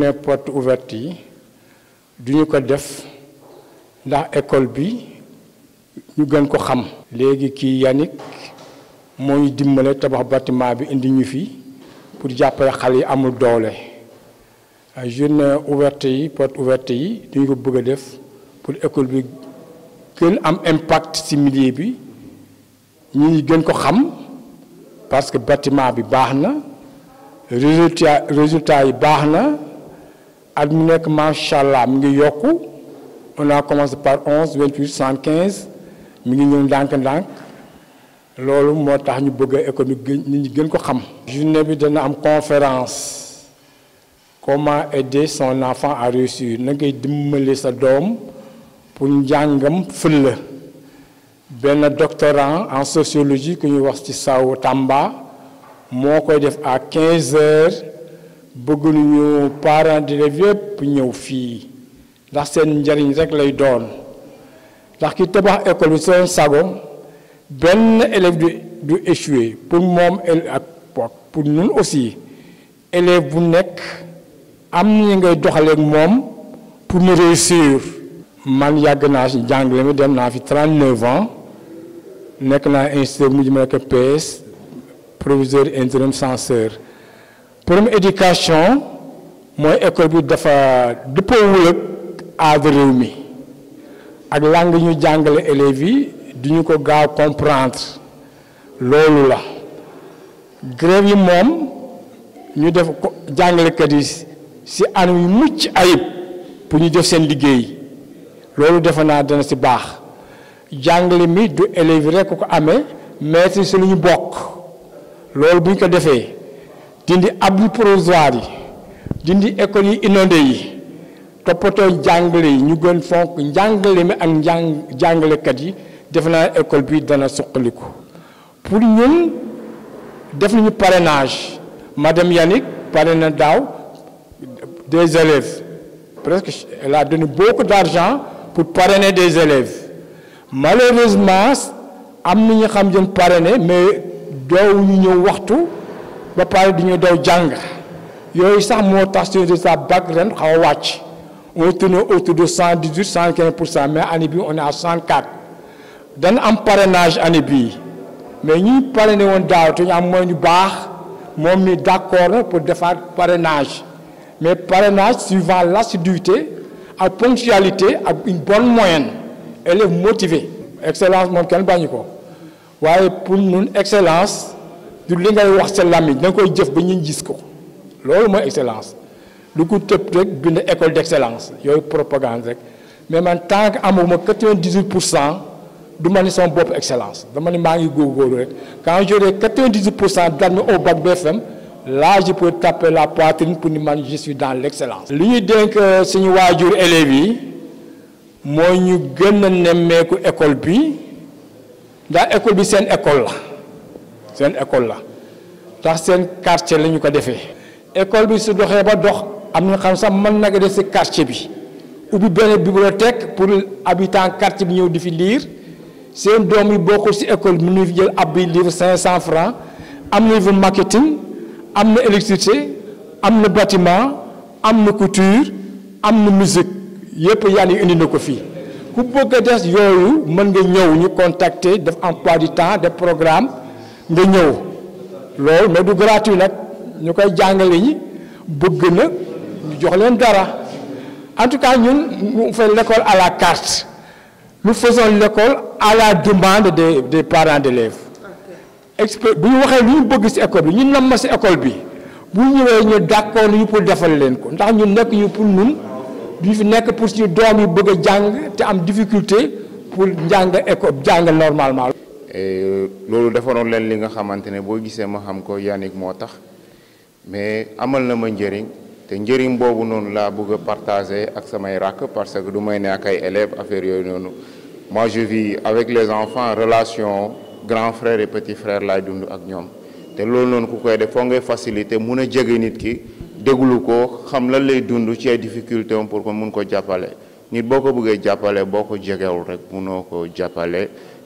ne porte ouverte yi du ko def ndax école bi ñu gën ko xam léegi kii Yannick moo ñu dimbale tabax bâtiment bi indi ñu fi pour jàppale xale yi amul doole journée ouverte yi porte ouverte yi du ko bëgg def pour école bi gën am impact ci milieu bi ñi gën ko xam parce que bâtiment bi baax na résultat résultat yi baax at mu nekk macha on a commencé par 11 28 115 mi ngi ñëw ndànk-ndànk loolu moo tax ñu bëgg a économique gën nit ñi gën ko xam. journée bi dana am conférence comment aider son enfant à réussir na ngay dimbali sa doom pour njàngam fël benn doctorant en sociologie que ñuy wax ci saw Tamba moo koy def à 15 heures. bëgg nañu parents d'élèves yépp ñëw fii ndax seen njariñ rek lay doon ndax ki tabax école bi seen sago benn élève du du échoué pour moom ak pour ñun aussi élève bu nekk am ñi ngay doxaleek moom pour mu réussir man yàgg naa ci jàngale mi dem naa fi trent 39 ans nekk naa instituteur mu jëmale ko PS proviseur intérim censeur problème éducation mooy école bi dafa dëppoowul ak aada mi ak langue ñu jàngale élèves yi du ñu ko gaaw comprendre loolu la grève yi moom ñu def ko jàngalekat yi si anam yu mucc ayib pour ñu def seen liggéey loolu defe naa dana si baax jàngale mi du élèves rek ko amee maître si lu ñu bokk loolu bu ñu ko defee dindi abri provisoire yi dindi école yi inondé yi toppatoo jàngale yi ñu gën fonk njàngale mi ak njàng kat yi def na école bi dana suqaliku pour ñun def nañu parrainage madame Yannick parraine daw des élèves presque elle a donné beaucoup d'argent pour parrainer des élèves malheureusement am ñi xam jën parrainer mais doow ñu ñëw waxtu ba parle di ñu daw jang yoy sax mo tax de sa bac ren xaw a on autour de 118-115%, mais année on est à 104%. quatre a am parrainage année bi mais nous parrainé won daaw tu ñu am mooy ñu moins mom ni d'accord pour parrainage mais parrainage suivant l'assiduité la ponctualité à une bonne moyenne est motivé excellence mon kenn bañiko waye pour une excellence du li ngay wax sa làmmiñ da nga koy jëf ba ñu gis ko loolu mooy excellence lu ko tëb rek bind école d'excellence yooyu propagande rek mais man tant que amuma 98 pour cent du ma ni sama bopp excellence dama ni maa ngi góorgóorlu rek quand j'aurai 98 pour cent d'admis au bac BFM là je peux taper la poitrine pour ni man je suis dans l'excellence. li donc, dénk euh, suñu waajur élèves yi mooy ñu gën a nemmeeku école bi ndax école bi une école la une école la tax seen quartier la ñu ko defee école bi su doxee ba dox am xam sax mën def quartier bi bibliothèque pour habitant quartier bi ñëw di fi lire seen doom yi bokkul école fi jël francs am na marketing am na électricité am bâtiment am na couture am musique yépp yàlla indi na ko ku bëgg a des yooyu nga ñëw ñu contacter def emploi du temps des programmes, nga ñëw loolu mais du gratuit nag ñu koy jàngale ñi bëgg na ñu jox leen dara en tout cas ñun ñu fay l'école à la carte nous faisons l'école à la demande des des parents d'élèves exp bu ñu waxee lu ñu bëgg ci école bi ñu namm ci école bi bu ñëwee ñu d'accord ñu pour defal leen ko ndax ñu nekk ñu pour ñun du fi nekk pour suñu doom yi bëgg a jàng te am difficulté pour njàng école jàng normalement Eh, loolu defaron len li nga xamantene bo boo gisee ma xam ko yanik moo tax mais amal na ma njëriñ te njëriñ boobu noonu laa bëgg a partager ak samay rakk parce que du may ne ak ay élèves affaire yooyu noonu moi je vis avec les enfants relation grand frère et petit frère lay dund ak ñoom te loolu noonu ku koy def foo ngay faciliter mun a jege nit ki déglu ko xam lan lay dund ci ay difficulté pour que mun ko jàppale nit boo ko bëggee jàppale boo ko jegewul rek munoo ko jàppale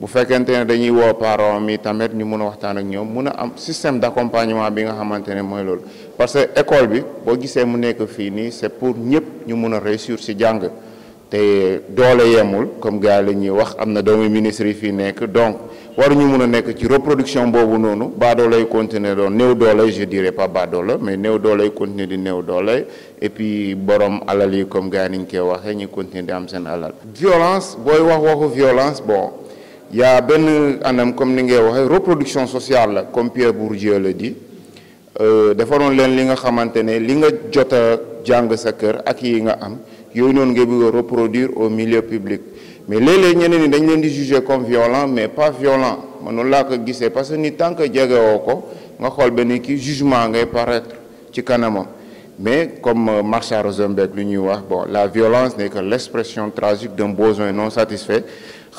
bu fekkente ne dañuy woo parents mi tamit ñu mun a waxtaan ak ñoom mun a am système d' accompagnement bi nga xamante ne mooy loolu parce que école bi boo gisee mu nekk fii nii c' est pour ñëpp ñu mun a réussir si jàng te doole yemul comme gars yi la ñuy wax am na doomu ministre yi fii nekk donc waruñu mun a nekk ci reproduction boobu noonu baa doolay continuer doon néew doole je dirais pas baa doole mais néew doolay continuer di néew doole et puis borom alal yi comme gars yi ni ñu koy waxee ñu continuer di am seen alal. violence booy wax waxu violence bon il y a une anam comme ni reproduction sociale comme Pierre Bourdieu la euh Des len li nga xamantene li nga jot a sa cœur ak yi nga am yoy non ngey bëgg reproduire au milieu public mais les les ñeneen ni dañ leen di juger comme violent mais pas violent man noonu pas ko gisee parce que ni tant que jegewoo woko nga xol benn ki jugement ngay paraître ci Kanama, mais comme euh, Marshall Rosenberg lu ñuy wax bon la violence n'est que l'expression tragique d'un besoin non satisfait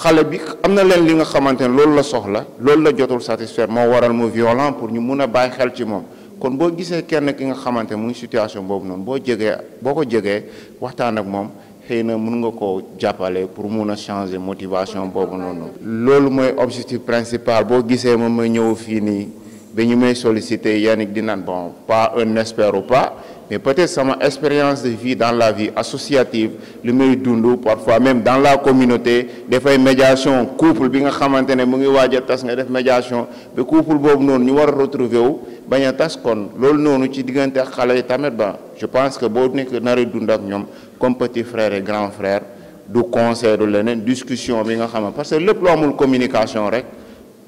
xalé bi amna len li nga xamantene loolu la soxla loolu la jotul satisfaire mo waral mo violent pour ñu mëna bay xel ci mom kon bo gisé kenn ki nga xamantene ne mu situation bobu non bo jégué boko jégué waxtaan ak mom xëy na mun nga koo jàppale pour mëna changer motivation bobu non loolu moy objectif principal bo gisé moom may ñëw fi ni dañu may sollicité Yannick di bon pas un espère ou pas mais peut-être sama expérience de vie dans la vie associative le muy d'Undou, parfois même dans la communauté des fois, médiation couple bi nga je ne mu ngi tas nga def médiation le couple boobu nous ñu war retrouver wu bañ a tas kon nous noonu ci diggante ak xale ba ben, je pense que boo que nar a dund comme petit frère et grand frère du conseil de l'année discussion bi nga xam parce que le plan amul communication rek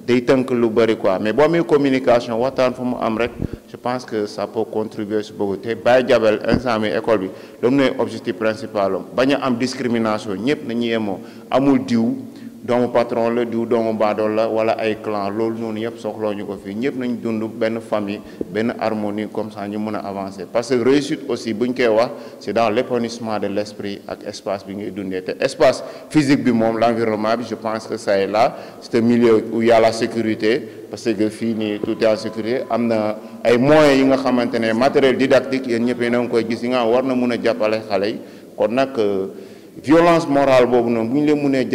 day temps lu bëri quoi mais bon, amee communication waxtaan fu mu am rek je pense que ça peut contribuer sur beaucoup te bàyyi jabel instant mi école bi loolu mooy objectif principal am bañ a am discrimination ñëpp nañu yemoo amul diw le patron le la diw doomu badol la wala ay clan l'ol noonu yëpp soxloo ñu ko fii ñëpp nañ dund ben famille ben harmonie comme ça ñu pouvons avancer parce que réussite aussi bu c'est dans l'épanouissement de l'esprit ak espace bi ngay dundee espace physique bi monde l'environnement je pense que ça est là c'est un milieu où il y a la sécurité parce que fini tout est en sécurité y a ay moyens yi nga xamante matériel didactique yéen ñëpp yéen a ngi koy gis yi nga war na mun a jàppale kon choses violence morale bobu ñu ñu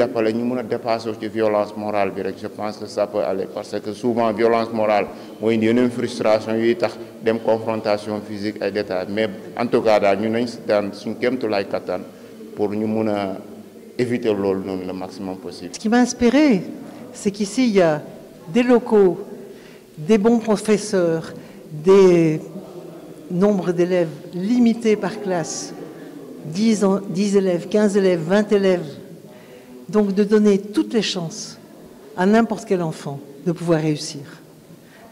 ci violence morale bi je pense que ça peut aller parce que souvent violence morale il y frustration une tax dem confrontation physique ay détails mais en tout cas nous, ñu nañ dan lay pour ñu éviter le maximum possible. Ce qui m'a inspiré, c'est qu'ici il y a des locaux, des bons professeurs, des nombres d'élèves limités par classe. 10, élèves, 15 élèves, 20 élèves. Donc de donner toutes les chances à n'importe quel enfant de pouvoir réussir.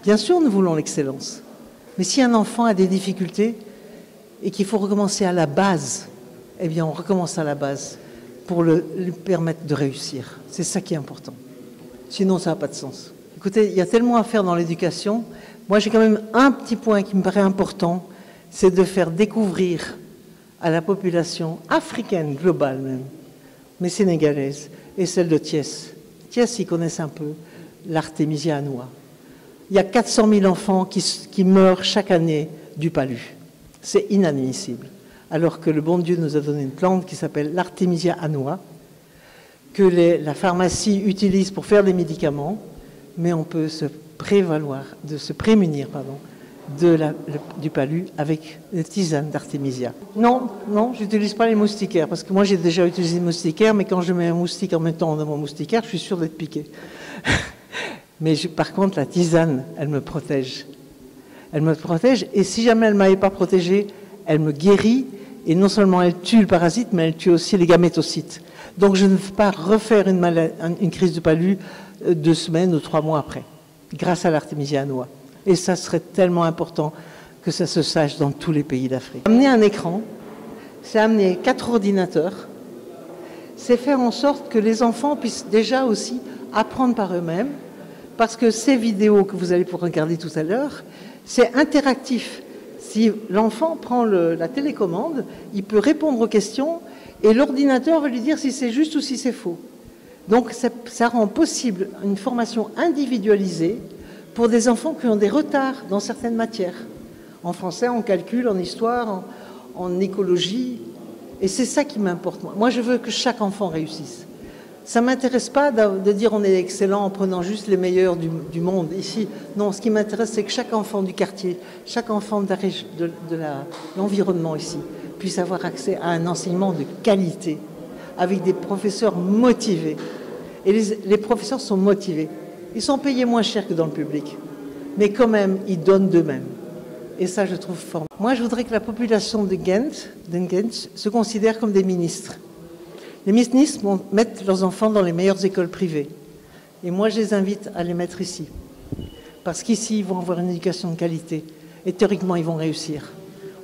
Bien sûr, nous voulons l'excellence. Mais si un enfant a des difficultés et qu'il faut recommencer à la base, eh bien, on recommence à la base pour lui permettre de réussir. C'est ça qui est important. Sinon, ça n'a pas de sens. Écoutez, il y a tellement à faire dans l'éducation. Moi, j'ai quand même un petit point qui me paraît important, c'est de faire découvrir à la population africaine, globale même, mais sénégalaise, et celle de Thiès. Thiès, ils connaissent un peu l'artémisia à Il y a 400 000 enfants qui, meurent chaque année du palu. C'est inadmissible. Alors que le bon Dieu nous a donné une plante qui s'appelle l'artémisia à que la pharmacie utilise pour faire des médicaments, mais on peut se prévaloir, de se prémunir, pardon, du palu avec une tisane d'artémisia. Non, non, j'utilise pas les moustiquaires parce que moi j'ai déjà utilisé les moustiquaires, mais quand je mets un moustique en même temps dans mon moustiquaire, je suis sûr d'être piqué. mais par contre, la tisane, elle me protège. Elle me protège et si jamais elle m'avait pas protégé elle me guérit et non seulement elle tue le parasite, mais elle tue aussi les gamétocytes. Donc je ne veux pas refaire une, une crise de palu euh, deux semaines ou trois mois après, grâce à l'artémisia noire. Et ça serait tellement important que ça se sache dans tous les pays d'Afrique. Amener un écran, c'est amener quatre ordinateurs, c'est faire en sorte que les enfants puissent déjà aussi apprendre par eux-mêmes, parce que ces vidéos que vous allez pouvoir regarder tout à l'heure, c'est interactif. Si l'enfant prend la télécommande, il peut répondre aux questions et l'ordinateur va lui dire si c'est juste ou si c'est faux. Donc ça rend possible une formation individualisée pour des enfants qui ont des retards dans certaines matières. En français, en calcul, en histoire, en, écologie. Et c'est ça qui m'importe. Moi, je veux que chaque enfant réussisse. Ça ne m'intéresse pas de dire on est excellent en prenant juste les meilleurs du, monde ici. Non, ce qui m'intéresse, c'est que chaque enfant du quartier, chaque enfant de l'environnement ici, puisse avoir accès à un enseignement de qualité, avec des professeurs motivés. Et les professeurs sont motivés. Ils sont payés moins cher que dans le public, mais quand même, ils donnent d'eux-mêmes. Et ça, je trouve fort. Moi, je voudrais que la population de Ghent, de se considère comme des ministres. Les ministres mettent leurs enfants dans les meilleures écoles privées. Et moi, je les invite à les mettre ici. Parce qu'ici, ils vont avoir une éducation de qualité. Et théoriquement, ils vont réussir.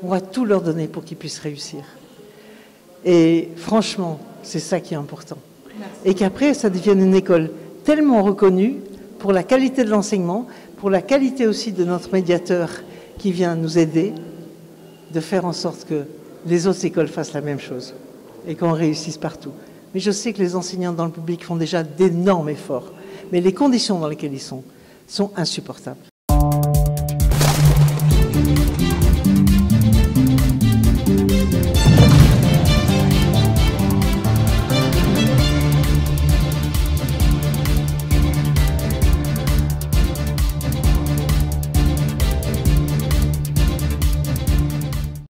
On va tout leur donner pour qu'ils puissent réussir. Et franchement, c'est ça qui est important. Et qu'après, ça devienne une école tellement reconnue pour la qualité de l'enseignement, pour la qualité aussi de notre médiateur qui vient nous aider, de faire en sorte que les autres écoles fassent la même chose et qu'on réussisse partout. Mais je sais que les enseignants dans le public font déjà d'énormes efforts, mais les conditions dans lesquelles ils sont sont insupportables.